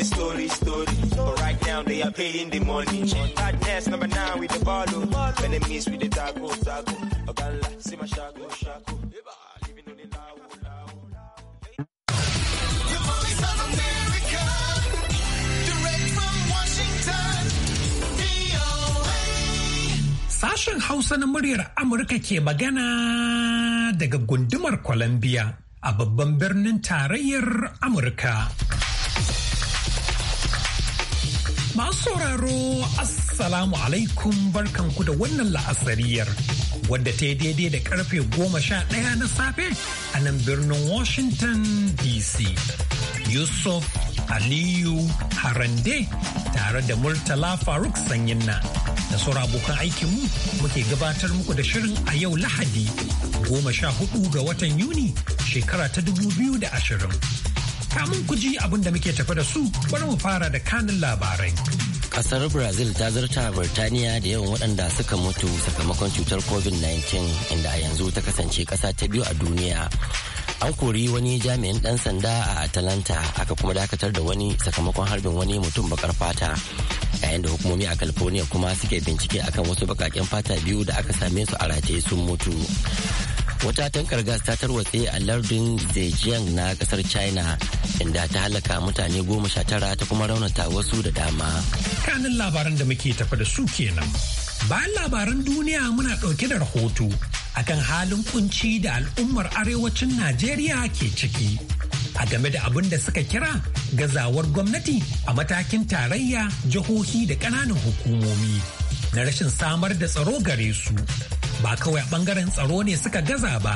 Story, story. But right now they are paying the money. Badness number nine with the ball. Oh. Enemies with the taco, taco. Ogala, uh, see my shago, shago. Sashen Hausa na muryar Amurka ke magana daga gundumar Columbia a babban birnin tarayyar Amurka. Masu sauraro Assalamu alaikum barkanku da wannan la'asariyar wadda ta yi daidai da karfe goma sha ɗaya na safe a nan birnin Washington DC. Yusuf Aliyu Harande tare da Murtala Faruk Sanyinna da sauran abokan aikinmu muke gabatar muku da shirin a yau Lahadi goma sha hudu ga watan Yuni shekara ta dubu biyu da ashirin. kamun ku ji abin da muke tafe da su bari mu fara da kanin labarai. Kasar Brazil ta zarta Birtaniya da yawan waɗanda suka mutu sakamakon cutar COVID-19 inda a yanzu ta kasance ƙasa ta biyu a duniya. An kori wani jami'in ɗan sanda a Atalanta aka kuma dakatar da wani sakamakon harbin wani mutum bakar fata. Yayin da hukumomi a California kuma suke bincike akan wasu baƙaƙen fata biyu da aka same su a rataye sun mutu. wata tankar gas ta tarwatse a lardin zhejiang na kasar china inda ta halaka mutane goma sha tara ta kuma raunata wasu da dama kanin labaran da muke tafi da su kenan bayan labaran duniya muna ɗauke da rahoto akan halin kunci da al'ummar arewacin najeriya ke ciki a game da abin da suka kira gazawar gwamnati a matakin tarayya jihohi da ƙananan hukumomi na rashin samar da tsaro gare su ba kawai a bangaren tsaro ne suka gaza ba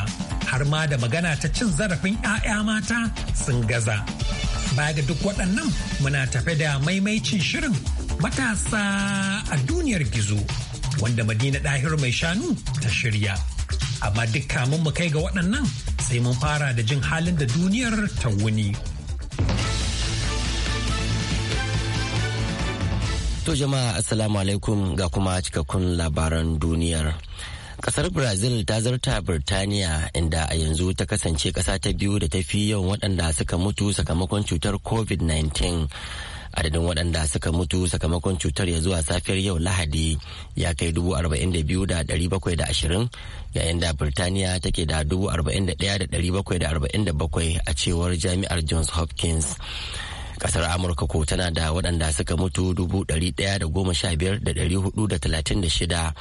har ma da magana ta cin zarafin 'ya'ya mata sun gaza baya ga duk waɗannan muna tafe da maimaicin shirin matasa a duniyar gizo wanda madina ɗahir mai shanu ta shirya amma duk kamun mu kai ga waɗannan sai mun fara da jin halin da duniyar ta wuni. To jama'a assalamu alaikum ga kuma cikakkun labaran duniyar. Kasar Brazil ta zarta Birtaniya inda a yanzu ta kasance kasa ta biyu da ta fi yawan waɗanda suka mutu sakamakon cutar COVID-19. Adadin waɗanda suka mutu sakamakon cutar ya zuwa safiyar yau Lahadi ya kai 42,720 yayin da Birtaniya take da 41,747 a cewar jami'ar Johns Hopkins. kasar amurka ko tana da waɗanda suka mutu da da talatin shida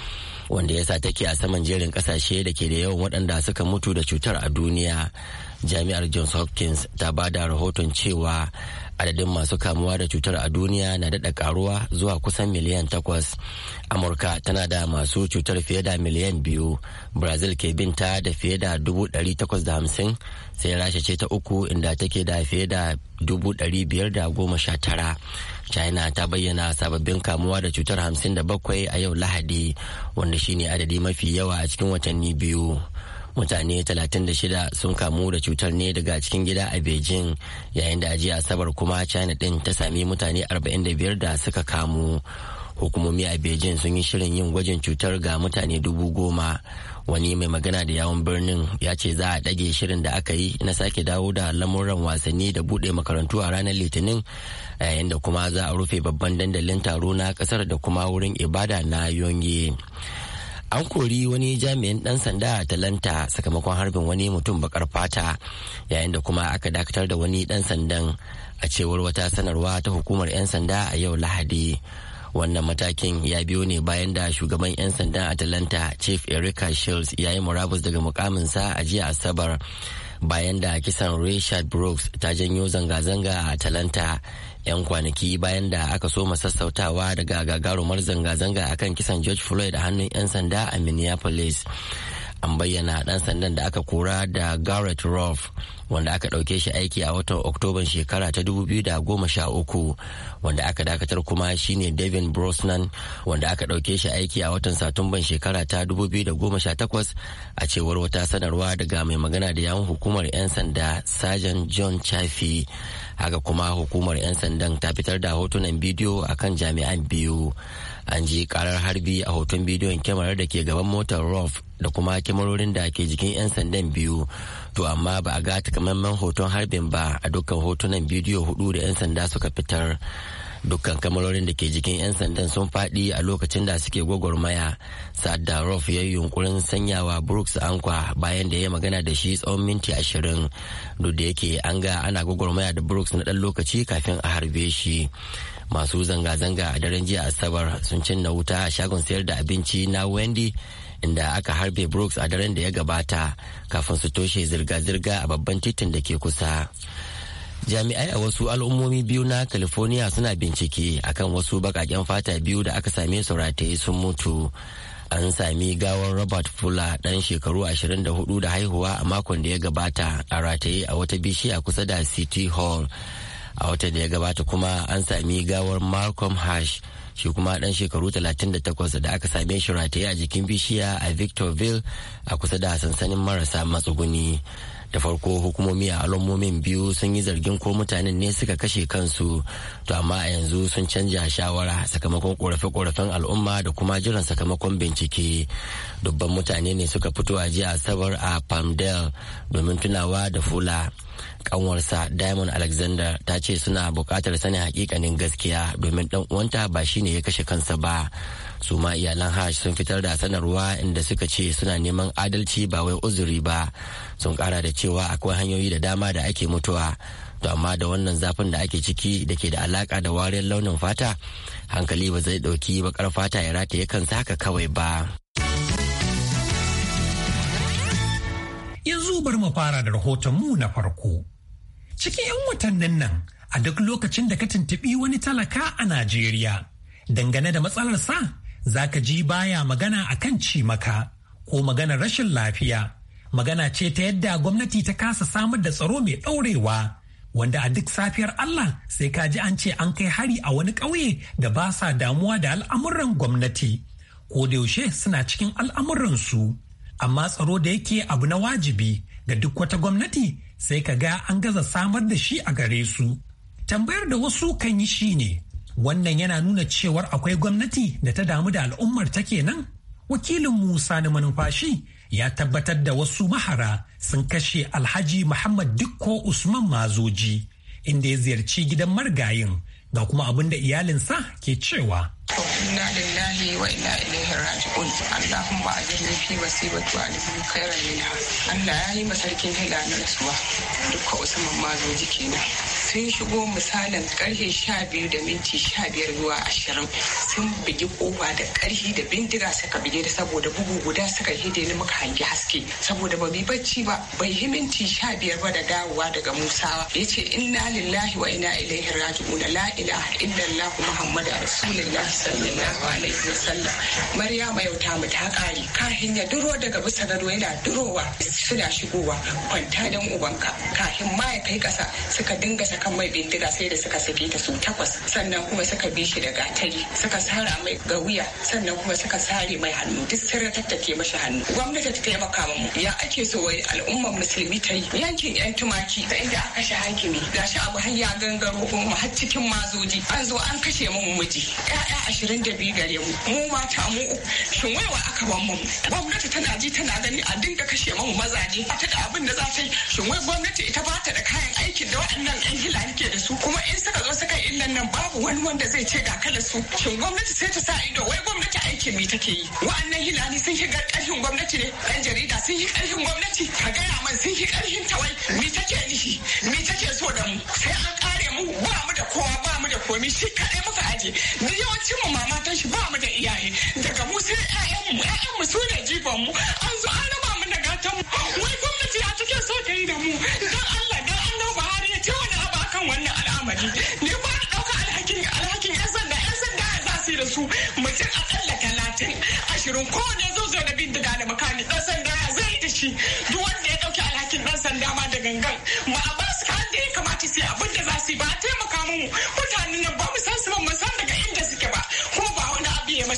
wanda yasa take a saman jerin ƙasashe da ke da yawan waɗanda suka mutu da cutar a duniya jami'ar johns hopkins ta ba da rahoton cewa adadin masu kamuwa da cutar a duniya na daɗa karuwa zuwa kusan miliyan takwas amurka tana da masu cutar fiye da miliyan biyu brazil ke binta da fiye da dubu ɗari da hamsin sai rasha ce ta uku inda take da fiye da dubu ɗari biyar da goma sha tara china ta bayyana sababbin kamuwa da cutar hamsin da bakwai a yau lahadi wanda shine adadi mafi yawa a cikin watanni biyu mutane 36 sun kamu da cutar ne daga cikin gida a beijing yayin da ajiya asabar kuma china din ta sami mutane 45 da suka kamu hukumomi a beijing sun yi shirin yin gwajin cutar ga mutane dubu goma wani mai magana da yawon birnin ya ce za a ɗage shirin da aka yi na sake dawo da lamuran wasanni da buɗe makarantu a ranar litinin yayin da kuma za a rufe babban dandalin taro na kasar da kuma wurin ibada na yonge an kori wani jami'in dan sanda a talanta sakamakon harbin wani mutum bakar fata yayin da kuma aka dakatar da wani dan sandan a cewar wata sanarwa ta hukumar 'yan sanda a yau lahadi wannan matakin ya biyo ne bayan da shugaban 'yan sandan atalanta chief erika shields ya yi murabus daga mukaminsa a jiya asabar bayan da kisan richard brooks ta janyo zanga-zanga a atalanta 'yan kwanaki bayan da aka soma sassautawa daga gagarumar zanga-zanga akan kisan george floyd a hannun 'yan sanda a minneapolis an bayyana dan sandan da aka kura da garrett rolfe wanda aka ɗauke shi aiki a watan oktoban shekara ta 2013 wanda aka dakatar kuma shine devin brosnan wanda aka ɗauke shi aiki a watan satumban shekara ta 2018 a cewar wata sanarwa daga mai magana da yawun hukumar 'yan sanda sajan john chaffee haka kuma hukumar 'yan sandan ta fitar da hotunan bidiyo akan jami'an biyu an ji karar harbi a hoton bidiyon kyamarar da ke gaban motar rof da kuma kyamarorin da ke jikin 'yan sandan biyu to amma ba a ga takamaiman hoton harbin ba a dukkan hotunan bidiyo hudu da 'yan sanda suka fitar dukkan kamarorin da ke jikin 'yan sandan sun fadi a lokacin da suke gwagwarmaya sa'adda rof ya yi yunkurin sanyawa brooks ankwa bayan da ya magana da shi tsawon minti ashirin duk da yake an ga ana gwagwarmaya da brooks na ɗan lokaci kafin a harbe shi masu zanga-zanga a daren jiya asabar sun cinna wuta a shagon sayar da abinci na wendy inda aka harbe brooks a daren da ya gabata kafin su toshe zirga-zirga a babban titin da ke kusa jami'ai a wasu al'ummomi biyu na california suna bincike akan wasu bakaken fata biyu da aka same su rataye sun mutu an sami gawar robert fuller dan shekaru 24 da haihuwa a makon da ya gabata a rataye a wata bishiya kusa da city hall a watan da ya gabata kuma an sami gawar malcolm hash shi kuma dan shekaru 38 da aka same shi rataye a jikin bishiya a victorville a kusa da sansanin marasa matsuguni da farko hukumomi a alamomin biyu sun yi zargin ko mutanen ne suka kashe kansu to amma a yanzu sun canja shawara sakamakon korafe-korafen al'umma da kuma jiran sakamakon bincike dubban mutane ne suka fito a jiya asabar a palmdale domin tunawa da fula kanwarsa diamond alexander ta ce suna bukatar sanin hakikanin gaskiya domin dan uwanta ba shine ya kashe kansa ba su ma iyalan hash sun fitar da sanarwa inda suka ce suna neman adalci ba wai uzuri ba sun kara da cewa akwai hanyoyi da dama da ake mutuwa to amma da wannan zafin da ake ciki da ke da alaka da wariyar launin fata hankali ba zai dauki bakar fata ya rataye kansa haka kawai ba yanzu bar mu fara da rahoton mu na farko Cikin 'yan watannin nan, a duk lokacin da ka tuntuɓi wani talaka a Najeriya, dangane da matsalarsa, za ka ji baya magana a kan cimaka ko magana rashin lafiya. Magana ce ta yadda gwamnati ta kasa samar da tsaro mai ɗaurewa, wanda a duk safiyar Allah sai ka ji an ce an kai hari a wani ƙauye da ba sa damuwa da al'amuran gwamnati. Ko da yaushe suna cikin al'amuransu, amma tsaro da yake abu na wajibi ga duk wata gwamnati sai ka ga an gaza samar da shi a gare su. Tambayar da wasu kan yi shi ne, wannan yana nuna cewar akwai gwamnati da ta damu da al'ummar ta kenan? Wakilin Musa na manufashi ya tabbatar da wasu mahara sun kashe Alhaji Muhammad Dikko Usman Mazoji, inda ya ziyarci gidan marigayin, ga kuma abin da iyalinsa ke cewa. inna lillahi wa inna ilaihi raji'un allahumma ajirni fi musibati wa ajirni khairan minha allah ya yi masarkin hila na rasuwa dukkan usman mazo jikina sun shigo misalin karfe sha biyu da minti sha biyar zuwa ashirin sun bugi kofa da karfi da bindiga suka bige da saboda bugu guda suka yi hide ni muka hangi haske saboda ba bi bacci ba bai yi minti sha biyar ba da dawowa daga musawa ya ce inna lillahi wa ina ilaihi raji'un la ilaha illallah muhammadu rasulullah sallallahu alaihi wasallam maryama yau ta mu ta kare Ka ya duro daga bisa gado yana durowa suna shigowa kwanta dan ubanka kafin ma ya kai kasa suka dinga saka kan mai bindiga sai da suka sake ta su takwas sannan kuma suka bi shi da gatari suka sara mai ga wuya sannan kuma suka sare mai hannu duk sun ratattake mashi hannu gwamnati ta taimaka mu ya ake so wai al'ummar musulmi ta yi yankin yan tumaki ta inda aka kashe hakimi gashi abu har ya gangaro kuma har cikin mazoji an zo an kashe mu miji ƴaƴa ashirin da biyu gare mu mu mata mu shin wai wa aka ban mu gwamnati tana ji tana gani a dinga kashe mu mazaje ta da abin da za ta yi shin wai gwamnati ita ba ta da kayan aikin da waɗannan ƴan illa yake da su kuma in suka zo suka illan nan babu wani wanda zai ce ga kala su shin gwamnati sai ta sa ido wai gwamnati aikin mai take yi wa'annan hilali sun yi karfin gwamnati ne ɗan jarida sun yi karfin gwamnati ka gaya man sun yi karfin ta wai me take nishi me take so da mu sai an kare mu ba mu da kowa ba mu da komi shi kaɗai muka aje da yawancin mu mamatan shi ba mu da iyaye daga mu sai mu ƴaƴanmu su ne jibon mu an zo an raba mu da gatan mu wai gwamnati ya take so ta yi da mu don Allah ne ba da dauka alhakin alhakin yan sanda yan sanda za su yi da su mutum a tsalla talatin ashirin kowane zo zo da bindiga da makani dan sanda zai da shi duk wanda ya ɗauki alhakin dan sanda ma da gangan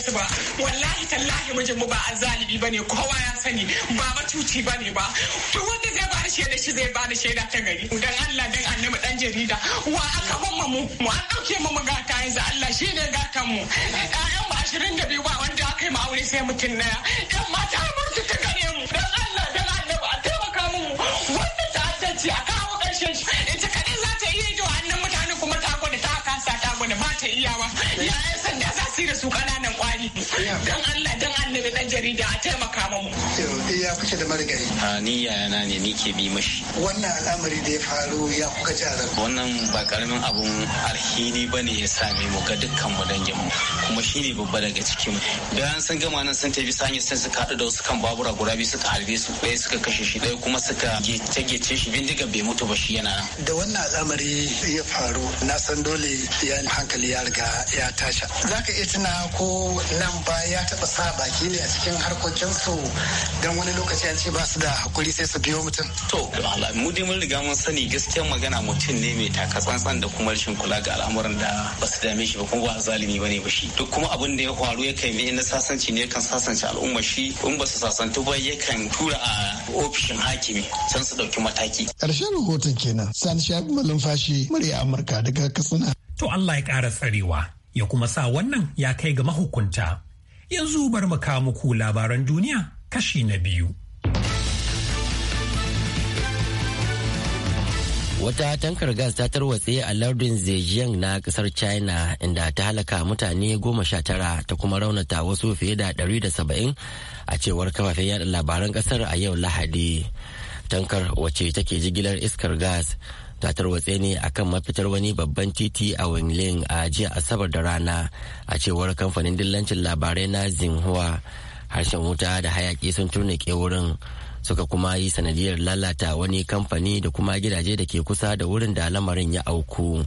shi ba wallahi tallahi mijin mu ba a azalibi bane kowa ya sani ba matuci bane ba to wanda zai ba da shi zai ba da shaida ta gari dan Allah dan annabi dan jarida wa aka ban mu mu an dauke mu gata yanzu Allah shi ne gatan mu ayan ba ashirin da biyu ba wanda aka yi ma aure sai mutum na dan mata mutu ta gari mu dan Allah dan annabi a taimaka mu wanda ta addace a kawo karshen shi ita kadai za ta iya yi da hannun mutane kuma ta gwada ta kasa ta gwada ba ta iyawa yayan sanda da su kananan kwari dan Allah dan annabi dan jarida a taimaka mamu to eh, ya kuke da margari. a ni yana ne nike bi mashi wannan al'amari da ya faru ya kuka ji a wannan ba karamin abun alhini bane ya same mu ga dukkan mu dangin mu kuma shine babba daga cikin mu bayan san gama nan sun tafi sanya sun suka haɗu da wasu kan babura guda biyu suka harbe su ɗaya suka kashe shi ɗaya kuma suka gece shi bindiga bai mutu ba shi yana da wannan al'amari ya faru na san dole ya hankali ya riga ya tasha zaka iya fursuna ko nan ba ya taba sa baki ne a cikin harkokinsu don wani lokaci an ce ba su da hakuri sai su biyo mutum. To, mu dai mun riga mun sani gaskiyar magana mutum ne mai taka tsantsan da kuma rashin kula ga al'amuran da ba su dame shi ba kuma ba zalimi ba ne ba shi. Duk kuma abin da ya faru ya kan na sasanci ne yakan sasance al'umma shi in ba su sasantu ba yakan tura a ofishin hakimi can su dauki mataki. Ƙarshen rahoton kenan Sani Shabi Malumfashi murya Amurka daga Katsina. To Allah ya ƙara tsarewa. ya kuma sa wannan ya kai ga mahukunta. Yanzu bar mu kawo muku labaran duniya kashi na biyu. Wata tankar gas ta tarwatse a lardin Zhejiang na kasar China inda ta halaka mutane goma sha tara ta kuma raunata wasu fiye da ɗari da saba'in a cewar kafafen yada labaran kasar a yau Lahadi. Tankar wace take jigilar iskar gas ta watse ne akan mafitar wani babban titi a Wingling a jiya Asabar da rana a cewar kamfanin dillancin labarai na Xinhua harshen wuta da hayaki sun ke wurin suka kuma yi sanadiyar lalata wani kamfani da kuma gidaje da ke kusa da wurin da lamarin ya auku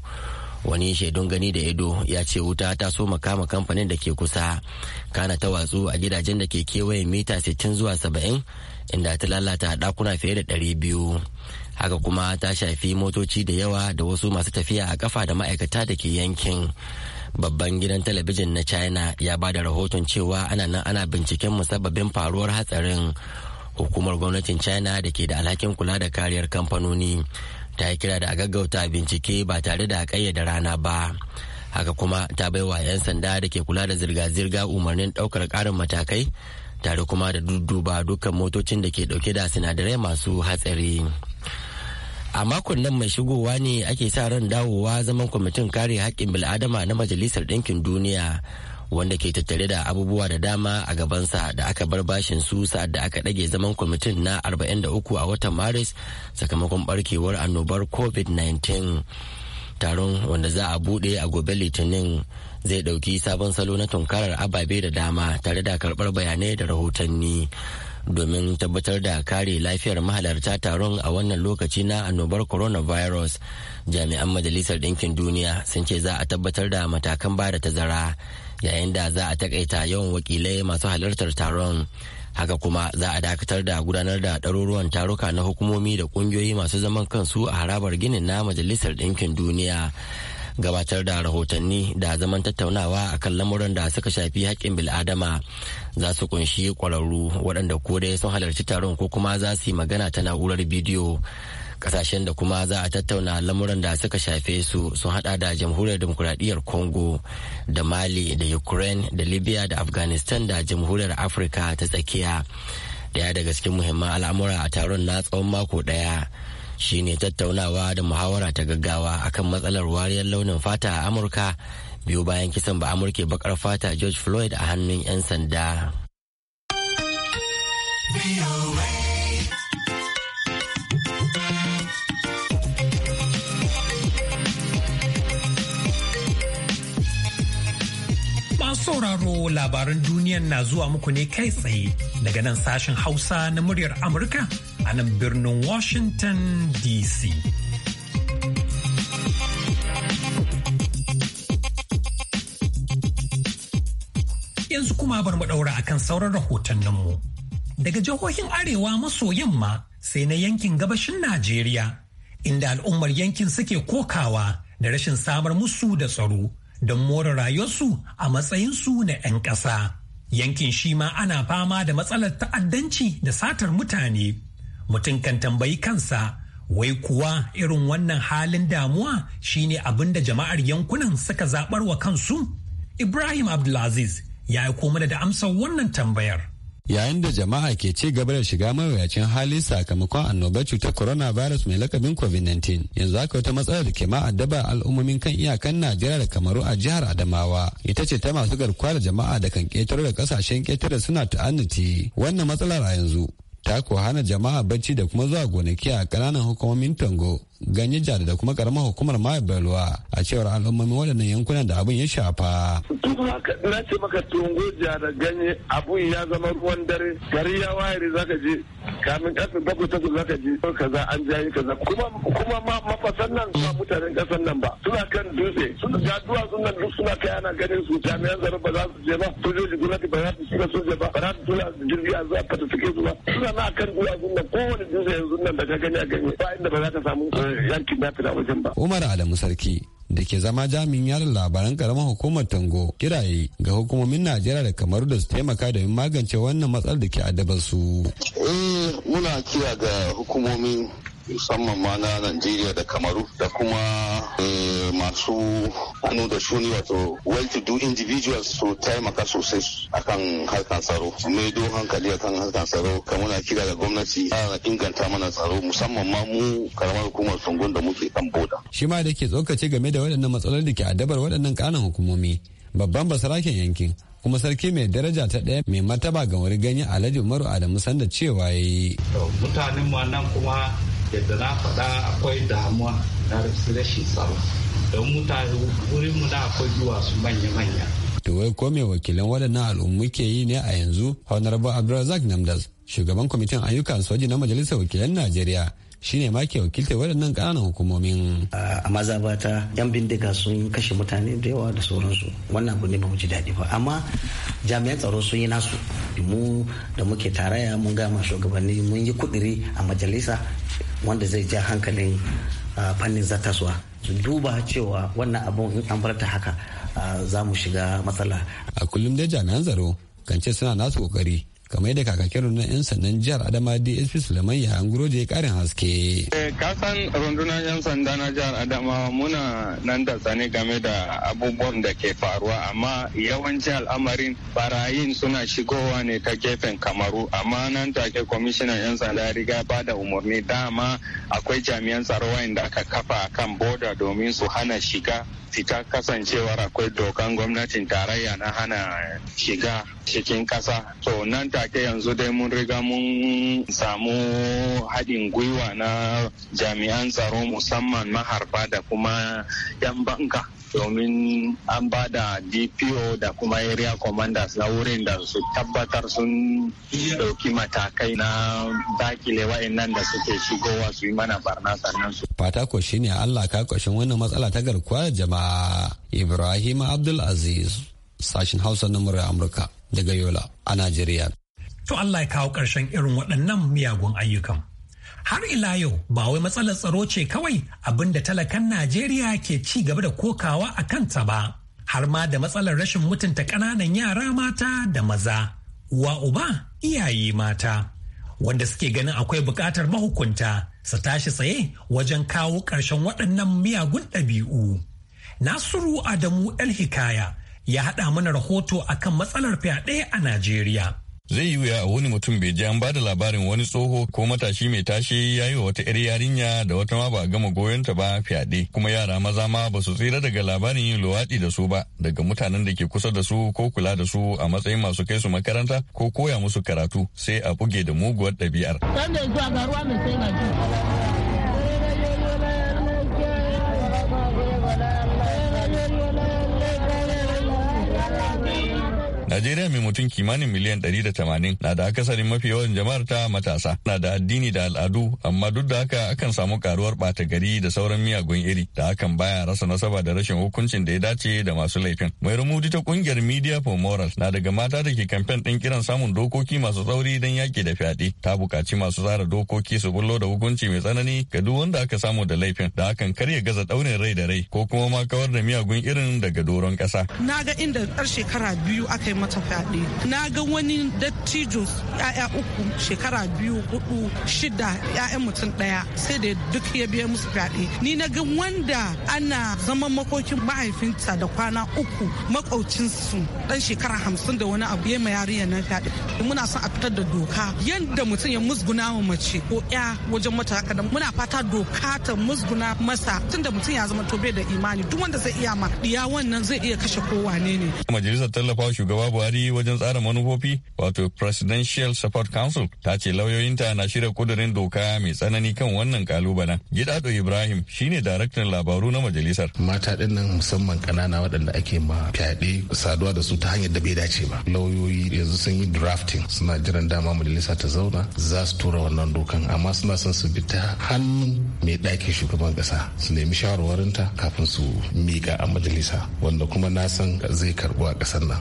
wani shaidun gani da ido ya ce wuta ta so makama kamfanin da ke kusa kana ta watsu a gidajen da ke kewaye mita 60 zuwa 70 inda ta lalata dakuna fiye da 200 haka kuma ta shafi motoci da yawa da wasu masu tafiya a kafa da ma'aikata da ke yankin babban gidan talabijin na china ya ba da rahoton cewa ana nan ana binciken musabbabin faruwar hatsarin hukumar gwamnatin china da ke da alhakin kula da kariyar kamfanoni ta yi kira da a gaggauta bincike ba tare da kayyada rana ba haka kuma ta bai wa 'yan sanda da ke kula da zirga-zirga umarnin daukar karin matakai tare kuma da dudduba dukkan motocin da ke dauke da sinadarai masu hatsari. a makon nan mai shigowa ne ake sa ran dawowa zaman kwamitin kare haƙƙin bil'adama na majalisar ɗinkin duniya wanda ke tattare da abubuwa da dama a gabansa da aka bar bashin su sa'ad da aka ɗage zaman kwamitin na 43 a watan maris sakamakon barkewar annobar covid-19 taron wanda za a buɗe a gobe litinin zai ɗauki sabon salo na tunkarar ababe da dama tare da karɓar bayanai da rahotanni domin tabbatar da kare lafiyar mahalarta taron a wannan lokaci na annobar coronavirus jami'an majalisar ɗinkin duniya sun ce za a tabbatar da matakan ba da tazara yayin da za a takaita yawan wakilai masu halartar taron haka kuma za a dakatar da gudanar da ɗaruruwan taruka na hukumomi da ƙungiyoyi masu zaman kansu a harabar ginin na majalisar ɗinkin duniya gabatar da rahotanni da zaman tattaunawa a kan lamuran da suka shafi haƙƙin bil'adama za su kunshi ƙwararru waɗanda ko dai sun halarci taron ko kuma za su yi magana ta na'urar bidiyo kasashen da kuma za a tattauna lamuran da suka shafe su sun hada da jamhuriyar demokuraɗiyyar congo da mali da ukraine da libya da afghanistan da jamhuriyar afirka ta tsakiya daya daga cikin muhimman al'amura a taron na tsawon mako daya shine tattaunawa da muhawara ta gaggawa akan matsalar wariyar launin fata a amurka biyu bayan kisan ba amurke bakar fata george floyd a hannun 'yan sanda. sauraro labaran duniyan na zuwa muku ne kai tsaye daga nan sashen Hausa na muryar Amurka a nan birnin Washington DC. Yanzu kuma bar mu a kan sauran rahotanninmu. Daga jihohin Arewa maso yamma sai na yankin gabashin Najeriya, inda al'ummar yankin suke kokawa da rashin samar musu da tsaro. don more rayuwarsu a matsayin su na 'yan ƙasa. Yankin shi ma ana fama da matsalar ta'addanci da satar mutane. Mutum kan tambayi kansa, wai kuwa irin wannan halin damuwa shine abin da jama'ar yankunan suka zaɓar wa kansu? Ibrahim Abdulaziz ya yi komada da amsar wannan tambayar. yayin da jama'a ke ci gaba da shiga mawuyacin hali sakamakon annobar cutar coronavirus mai lakabin covid-19 yanzu haka wata matsalar da ke ma addaba al'ummomin kan iyakan najeriya da kamaru a jihar adamawa ita ce ta masu garkuwa da jama'a da kan ketare da kasashen ketare suna ta'annati wannan matsalar a yanzu ta ko hana jama'a bacci da kuma zuwa gonaki a kananan hukumomin tango ganye jari da kuma karamar hukumar maya baluwa a cewar al'ummomi waɗannan yankunan da abin ya shafa. na ce maka tungo jari ganye abun ya zama ruwan dare gari ya wayari zaka je kamin ƙasar bakwai takwas zaka je kaza an jayi kaza kuma kuma ma mafasan nan ba mutanen ƙasar nan ba suna kan dutse suna ga duwatsun nan duk suna kai ana ganin su jami'an tsaro ba za su je ba sojoji gwamnati ba za su shiga soja ba ba za su tura jirgi a zuwa fata suke zuwa suna na kan duwatsun nan kowane dutse yanzu nan da ka gani a ganye ba inda ba za ka samu Umar Adamu Sarki da ke zama jami'in yaran labaran karamar hukumar tango kiraye ga hukumomin najeriya da kamar da su taimaka domin magance wannan matsalar da ke addabar su. eh muna kira ga hukumomin musamman ma na Najeriya da Kamaru da kuma eh, masu hannu da shuni wato well to do individuals su taimaka sosai akan harkan tsaro mai do hankali akan harkan tsaro kamar kira da gwamnati a inganta mana tsaro musamman ma mu karamar hukumar sungun da muke kan boda shi ma da ke tsokace game da waɗannan matsalolin da ke addabar waɗannan kanan hukumomi babban basaraken yankin kuma sarki mai daraja ta ɗaya mai martaba ga wani ganye alhaji umaru adamu sanda cewa ya yi mutanen nan kuma yadda na faɗa akwai damuwa na rashin tsaro don mutane wurinmu da akwai su manya-manya to wai ko me wakilan waɗannan al'ummu ke yi ne a yanzu honorable abdulrazak namdas shugaban kwamitin ayyukan soji na majalisar wakilan najeriya shine ma ke wakilta waɗannan ƙananan hukumomin. A maza ta yan bindiga sun kashe mutane da yawa da sauransu wannan abu ne ba mu ji daɗi ba amma jami'an tsaro sun yi nasu mu da muke taraya mun gama shugabanni mun yi kudiri a majalisa wanda zai ja hankalin fannin zataswa su duba cewa wannan abun in an farta haka za mu shiga matsala a kullum dai jami'an tsaro kan suna nasu kokari kamar yadda kakakin rundunar 'yan sandan jihar adama dsp suleiman ya anguro ya karin haske eh, kasan rundunar 'yan sanda na jihar adama muna nan da tsane game da abubuwan da ke faruwa amma yawanci al'amarin barayin suna shigowa ne ta gefen kamaru amma nan take kwamishinan 'yan sanda ya riga ba da umarni dama akwai jami'an tsaro da aka kafa kan boda domin su hana shiga fita kasancewar akwai dokan gwamnatin tarayya na hana shiga cikin kasa to nan take yanzu dai mun riga mun samu haɗin gwiwa na jami'an tsaro musamman maharba da kuma 'yan banka domin an ba da dpo da kuma area commanders na wurin da su tabbatar sun dauki matakai na dakile wa'annan da suke shigowa su yi mana barna sannan su. fata ko shine allah ka kwashin wannan matsala ta garkuwa jama'a ibrahim abdulaziz sashin hausa na murar amurka daga yola a najeriya to Allah ya kawo ƙarshen irin waɗannan miyagun ayyukan. Har ila yau ba wai matsalar tsaro ce kawai abin da talakan Najeriya ke ci gaba da kokawa a kanta ba, har ma da matsalar rashin mutunta ƙananan yara mata da maza, wa uba iyaye mata, wanda suke ganin akwai buƙatar mahukunta su tashi tsaye wajen kawo ƙarshen waɗannan miyagun ɗabi'u. Nasiru Adamu El Hikaya ya haɗa mana rahoto akan matsalar fyaɗe a Najeriya. zai yi wuya a wani mutum bai ji an ba da labarin wani tsoho ko matashi mai tashe ya yi wa wata 'yar yarinya da wata ma ba gama goyon ta ba fyaɗe kuma yara maza ma ba su tsira daga labarin yin luwaɗi da su ba daga mutanen da ke kusa da su ko kula da su a matsayin masu kai su makaranta ko koya musu karatu sai a buge da muguwar ɗabi'ar. Sanda zuwa ga ruwa mai sai Najeriya mai mutum kimanin miliyan 180 na da akasarin mafi yawan jama'ar ta matasa na da addini da al'adu amma duk da haka akan samu karuwar bata gari da sauran miyagun iri da hakan baya rasa nasaba da rashin hukuncin da ya dace da masu laifin. Mai rumudi ta kungiyar Media for Moral na daga mata da ke kamfen din kiran samun dokoki masu tsauri don yaki da fyaɗe ta buƙaci masu tsara dokoki su bullo da hukunci mai tsanani ga duk wanda aka samu da laifin da hakan kar ya gaza ɗaurin rai da rai ko kuma ma kawar da miyagun irin daga doron ƙasa. Na ga inda ƙar shekara biyu aka yi mata fyaɗe na ga wani dattijo ya'ya uku shekara biyu hudu shida ya'yan mutum ɗaya sai da duk ya biya musu fyaɗe ni na ga wanda ana zama makokin mahaifinta da kwana uku makaucinsu dan shekara hamsin da wani abu ya ma yariya nan fyaɗe muna son a fitar da doka yadda mutum ya musguna wa mace ko ya wajen mata haka da muna fata doka ta musguna masa tunda mutum ya zama tobe da imani duk wanda zai iya ma diya wannan zai iya kashe kowa ne ne majalisar tallafawa shugaba Buhari wajen tsara manufofi wato Presidential Support Council ta ce lauyoyinta na shirya kudurin doka mai tsanani kan wannan kalubalen. Gidado Ibrahim shine daraktan labaru na majalisar. Mata din nan musamman ƙanana waɗanda ake ma fyaɗe saduwa da su ta hanyar da bai dace ba. Lauyoyi yanzu sun yi drafting suna jiran dama majalisa ta zauna za su tura wannan dokan amma suna son su bi ta hannun mai ɗakin shugaban ƙasa su nemi shawarwarinta kafin su miƙa a majalisa wanda kuma na san zai karɓu a ƙasar nan.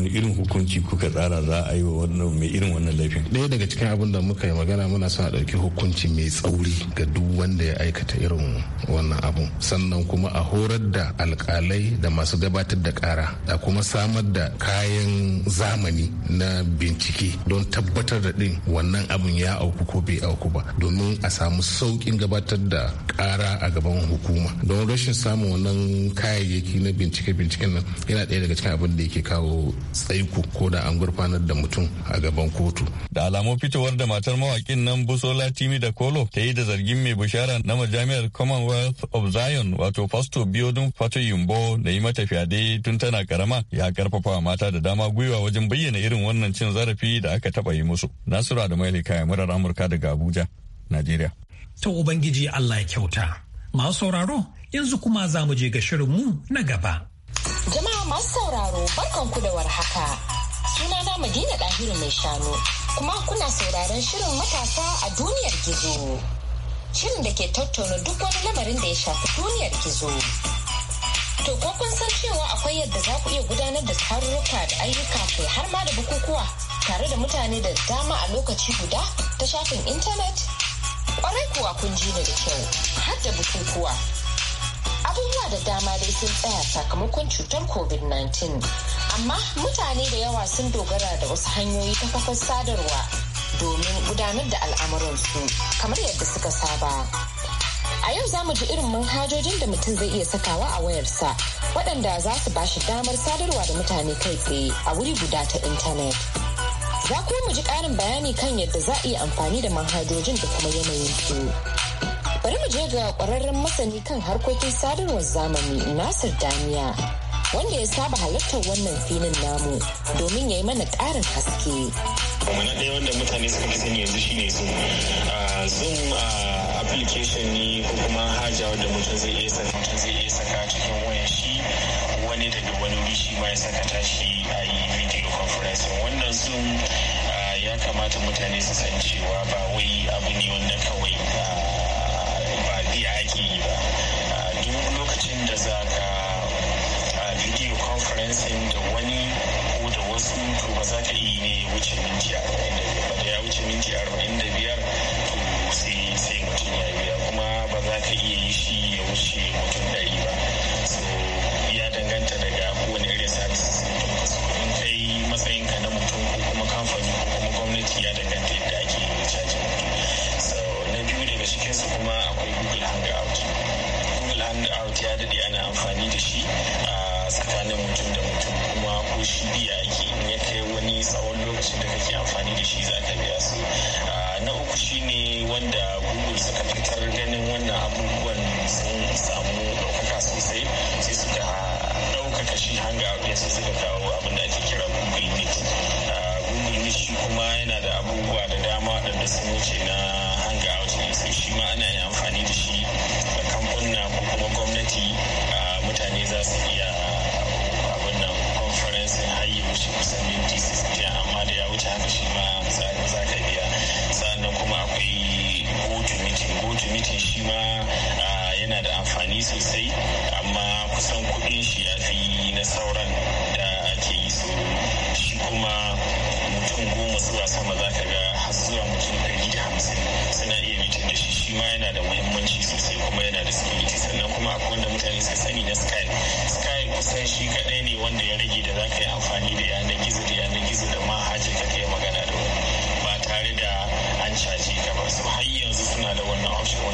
wani irin hukunci kuka tsara za a yi wa wannan mai irin wannan laifin ɗaya daga cikin abin da muka yi magana muna son a ɗauki hukunci mai tsauri ga duk wanda ya aikata irin wannan abun sannan kuma a horar da alkalai da masu gabatar da kara a kuma samar da kayan zamani na bincike don tabbatar da ɗin wannan abun ya auku ko bai auku ba domin a samu sauƙin gabatar da kara a gaban hukuma don rashin samun wannan kayayyaki na bincike binciken nan yana ɗaya daga cikin abin da yake kawo tsaiku ko da an gurfanar da mutum a gaban kotu. Da alamu fitowar da matar mawakin nan Busola Timi da Kolo ta yi da zargin mai bishara na majami'ar Commonwealth of Zion wato Pastor Biodun Fato Yumbo da yi mata fyade tun tana karama ya karfafa mata da dama gwiwa wajen bayyana irin wannan cin zarafi da aka taba yi musu. Nasura da Maili Kaya murar Amurka daga Abuja, Najeriya. Ta Ubangiji Allah ya kyauta. Masu sauraro yanzu kuma za mu je ga shirin mu na gaba. Jama'a masu sauraro barkan ku da warhaka. Sunana Madina Ɗahiru mai shanu kuma kuna sauraron shirin matasa a duniyar gizo. Shirin da ke tattauna duk wani lamarin da ya shafi duniyar gizo. To ko kun san cewa akwai yadda za ku iya gudanar da tarurruka da ayyuka kai har ma da bukukuwa tare da mutane da dama a lokaci guda ta shafin intanet? Kwarai kuwa kun ji da kyau, har da bukukuwa. abubuwa da dama dai sun tsaya sakamakon cutar covid-19 amma mutane da yawa sun dogara da wasu hanyoyi ta kafar sadarwa domin gudanar da al'amuransu kamar yadda suka saba a yau za mu ji irin manhajojin da mutum zai iya sakawa a wayarsa waɗanda za su ba shi damar sadarwa da mutane kai tsaye a wuri guda ta intanet za kuma mu ji ƙarin bayani kan yadda za a iya amfani da manhajojin da kuma yanayin su. Bari mu je ga ƙwararren masani kan harkokin sadarwar zamani Nasir Damiya. Wanda ya saba halartar wannan filin namu domin ya yi mana ƙarin haske. Kuma na ɗaya wanda mutane suka fi sani yanzu shine Zoom. Ah, zoom ah, application ne ko kuma haja wanda mutum zai iya saka cikin wayan shi wani da duk wani wuri shi ma ya saka tashi a yi video conferencing wannan zoom ah, ya kamata mutane su san cewa ba wai abu ne wanda kawai yaki a yi ba duk lokacin da za ka a video conferencing da wani ko da wasu to ba za ka yi ne wuce minti arba'in da biyar da ya wuce minti arba'in da biyar to sai mutum ya biya kuma ba za ka iya yi shi ya wuce mutum ɗari ba akwai google hangout google hangout ya dade ana amfani da shi a tsakanin mutum da mutum kuma ko shi biya ake in ya kai wani tsawon lokacin da kake amfani da shi za ka biya su na uku shi ne wanda google suka fitar ganin wannan abubuwan sun samu ɗaukaka sosai sai suka ɗaukaka shi hangout ya sai suka kawo abin da ake kira google meet google meet shi kuma yana da abubuwa da dama waɗanda sun wuce na za ka biya sannan kuma akwai goto mitin goto mitin shi ma yana da amfani sosai amma kusan kuɗin shi ya fi na sauran da ake yi so shi kuma mutum goma zuwa sama za ka ga har zuwa mutum ɗari da hamsin suna iya mitin da shi shi ma yana da muhimmanci sosai kuma yana da security sannan kuma akwai wanda mutane suka sani na sky sky kusan shi kaɗai ne wanda ya rage da za ka yi amfani da yanar gizo da yanar gizo da ma hajji ka kai magana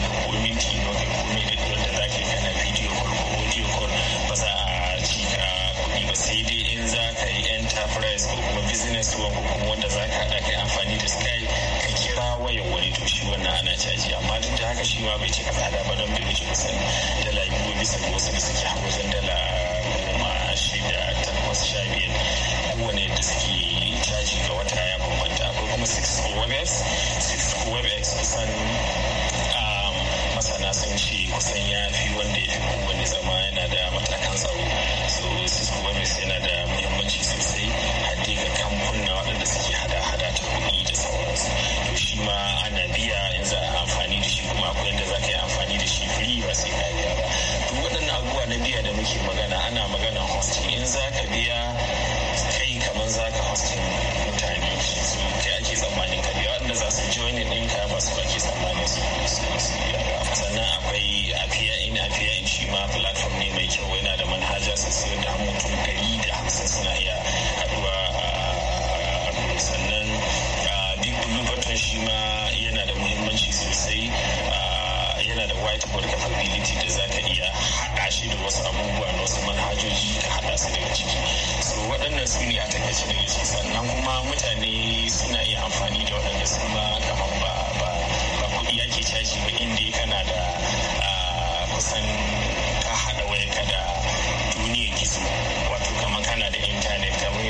wani gwamnati na kai komi da wanda za ka kana video call ko audio call ba za a ci ka kuɗi ba sai dai in za ka yi enterprise ko kuma business ko kuma wanda za ka haɗa kai amfani da sky ka kira wayan wani to shi wannan ana caji amma duk da haka shi ma bai cika tsada ba don bai wuce kusan dala biyu bisa ga wasu da suke har wajen dala goma shida takwas sha biyar kowane da suke caji ga wata ya bambanta akwai kuma 6 webs 6 webs kusan kusan ya fi wanda ya fi kowane zama yana da matakan tsaro so cisco wellness yana da muhimmanci sosai haddi ga kamfanin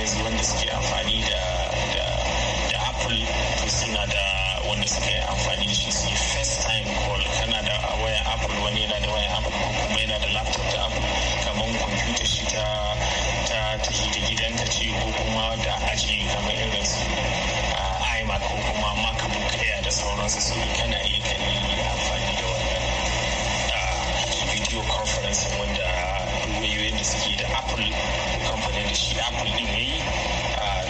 yanzu wanda suke amfani da da apple to suna da wanda suka yi amfani da shi su first time call kana da wayan apple wani yana da wayan apple ko kuma yana da laptop da apple kamar computer shi ta ta ta gidanta ce ko kuma da aji kamar irin su ah, imac ko kuma macbook air da sauransu su kana iya kan amfani da wannan ah, video conference wanda wayoyin da suke da apple kamfanin da shi apple din ya yi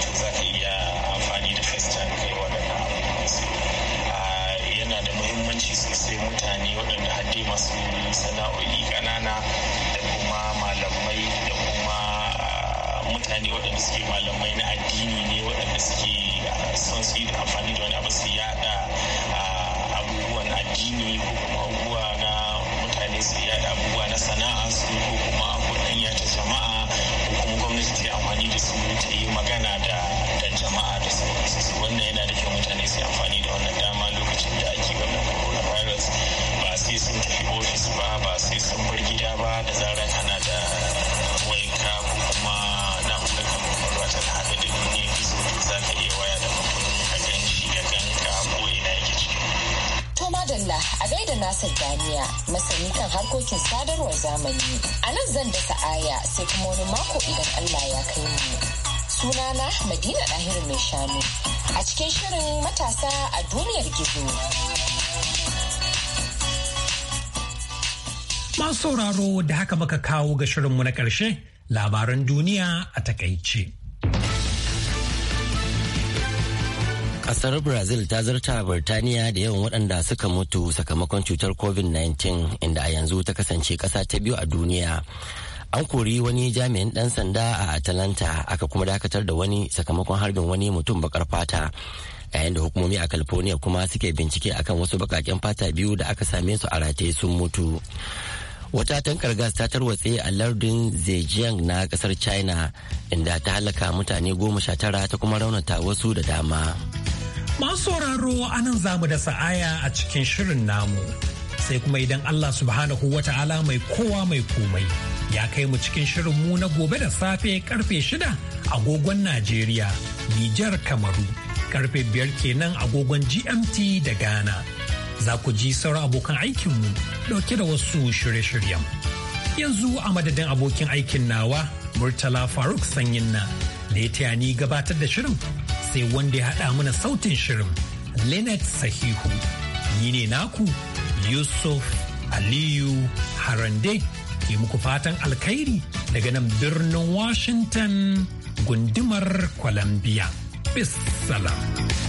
to za ka iya amfani da facetime kai waɗannan abubuwan yana da muhimmanci sosai mutane waɗanda hadde masu sana'o'i ƙanana da kuma malamai da kuma mutane waɗanda suke malamai na addini ne waɗanda suke son su yi amfani da wani abu su yada abubuwan addini ko kuma abubuwa na mutane su yada abubuwa na sana'arsu ko kuma ta yi magana da da jama'a da su wannan yana da kyau mutane su amfani da wannan dama lokacin da ake gaban coronavirus ba sai sun tafi ofis ba ba sai sun bar gida ba da zarar zai da Nasir Daniya masani kan harkokin sadarwar zamani. A nan zan dasa aya sai kuma wani mako idan Allah ya kai mu. Sunana Madina Ɗahiru mai shanu a cikin shirin matasa a duniyar gizo. Masu sauraro da haka muka kawo ga shirinmu na ƙarshe labaran duniya a takaice. Kasar Brazil ta zarta Birtaniya da yawan waɗanda suka mutu sakamakon cutar COVID-19 inda a yanzu ta kasance ƙasa ta biyu a duniya. An kori wani jami'in ɗan sanda a Atalanta aka kuma dakatar da wani sakamakon harbin wani mutum bakar fata. yayin da hukumomi a California kuma suke bincike akan wasu baƙaƙen fata biyu da aka same su a rataye sun mutu. wata tankar gas ta tarwatse a lardin zhejiang na kasar china inda ta halaka mutane goma sha tara ta kuma raunata wasu da dama masu sauraro anan zamu da sa'aya a cikin shirin namu sai kuma idan allah subhanahu wa ta'ala mai kowa mai komai ya kai mu cikin shirin mu na gobe da safe karfe shida agogon najeriya nijar kamaru karfe biyar kenan agogon gmt da ghana za ku ji sauran abokan aikinmu ɗauke da wasu shirye-shiryen. Yanzu a madadin abokin aikin nawa Murtala Faruk Sanyin na da ya taya gabatar da shirin sai wanda ya haɗa mana sautin shirin Leonard Sahihu. Ni ne naku Yusuf Aliyu Harande ke muku fatan alkhairi daga nan birnin Washington gundumar Columbia. Peace, salam.